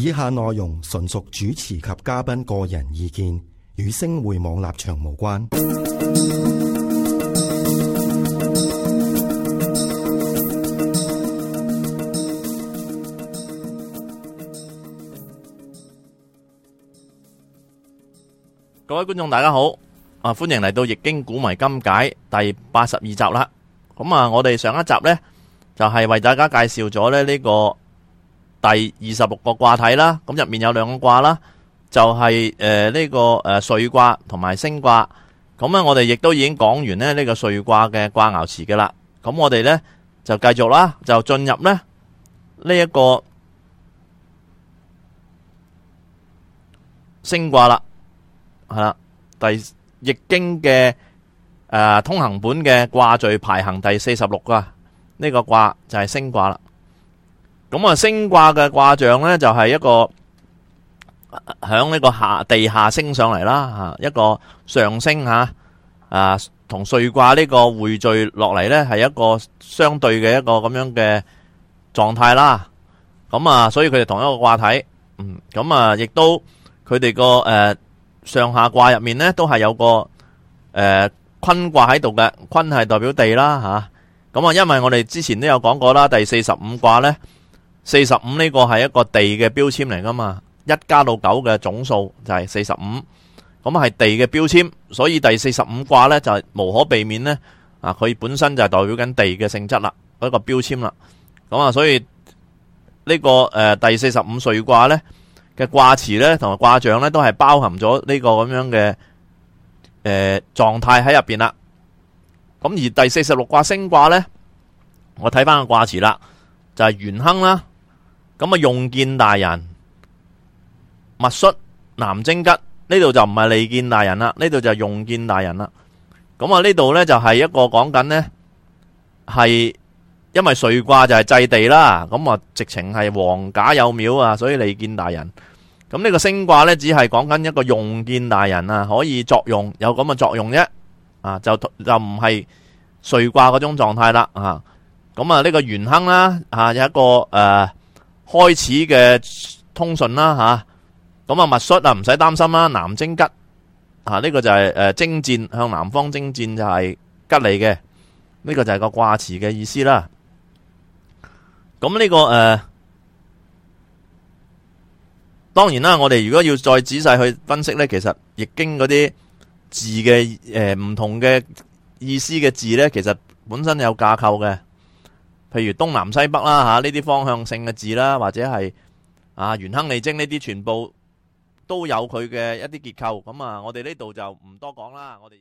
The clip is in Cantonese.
以下內容純屬主持及嘉賓個人意見，與星匯網立場無關。各位觀眾，大家好，啊，歡迎嚟到《易經古謎今解》第八十二集啦。咁啊，我哋上一集呢，就係為大家介紹咗呢呢個。第二十六個卦體啦，咁入面有兩個卦啦，就係誒呢個誒萃卦同埋升卦。咁啊，我哋亦都已經講完咧呢個萃卦嘅卦爻辭嘅啦。咁我哋咧就繼續啦，就進入咧呢一個升卦啦。係啦，第易經嘅誒通行本嘅卦序排行第四十六噶呢個卦就係升卦啦。咁啊，升卦嘅卦象咧，就係一個響呢個下地下升上嚟啦，吓一個上升吓，啊同萃卦呢個匯聚落嚟咧，係一個相對嘅一個咁樣嘅狀態啦。咁啊，所以佢哋同一個卦體，嗯，咁啊，亦都佢哋個誒上下卦入面咧，都係有個誒、呃、坤卦喺度嘅，坤係代表地啦，吓、啊。咁啊，因為我哋之前都有講過啦，第四十五卦咧。四十五呢個係一個地嘅標籤嚟噶嘛，一加到九嘅總數就係四十五，咁係地嘅標籤，所以第四十五卦呢，就係、是、無可避免呢，啊，佢本身就係代表緊地嘅性質啦，一個標籤啦，咁，啊所以呢、這個誒、呃、第四十五歲卦呢嘅卦辭呢，同埋卦象呢，都係包含咗呢個咁樣嘅誒狀態喺入邊啦，咁、呃、而第四十六卦升卦呢，我睇翻個卦辭啦，就係、是、元亨啦。咁啊，用見大人，勿恤南征吉。呢度就唔係利見大人啦，呢度就係用見大人啦。咁啊，呢度咧就係一個講緊咧，係因為萃卦就係祭地啦。咁啊，直情係王假有廟啊，所以利見大人。咁呢個升卦咧，只係講緊一個用見大人啊，可以作用有咁嘅作用啫。啊，就就唔係萃卦嗰種狀態啦。啊，咁啊，呢個元亨啦，啊有一個誒。開始嘅通訊啦，吓，咁啊，密室啊，唔使擔心啦。南征吉吓呢、這個就係誒征戰向南方征戰就係吉利嘅，呢、這個就係個卦辭嘅意思啦。咁、這、呢個誒、呃，當然啦，我哋如果要再仔細去分析呢，其實易經嗰啲字嘅誒唔同嘅意思嘅字呢，其實本身有架構嘅。譬如東南西北啦，嚇呢啲方向性嘅字啦，或者係啊元亨利貞呢啲，這些全部都有佢嘅一啲結構。咁啊，我哋呢度就唔多講啦。我哋。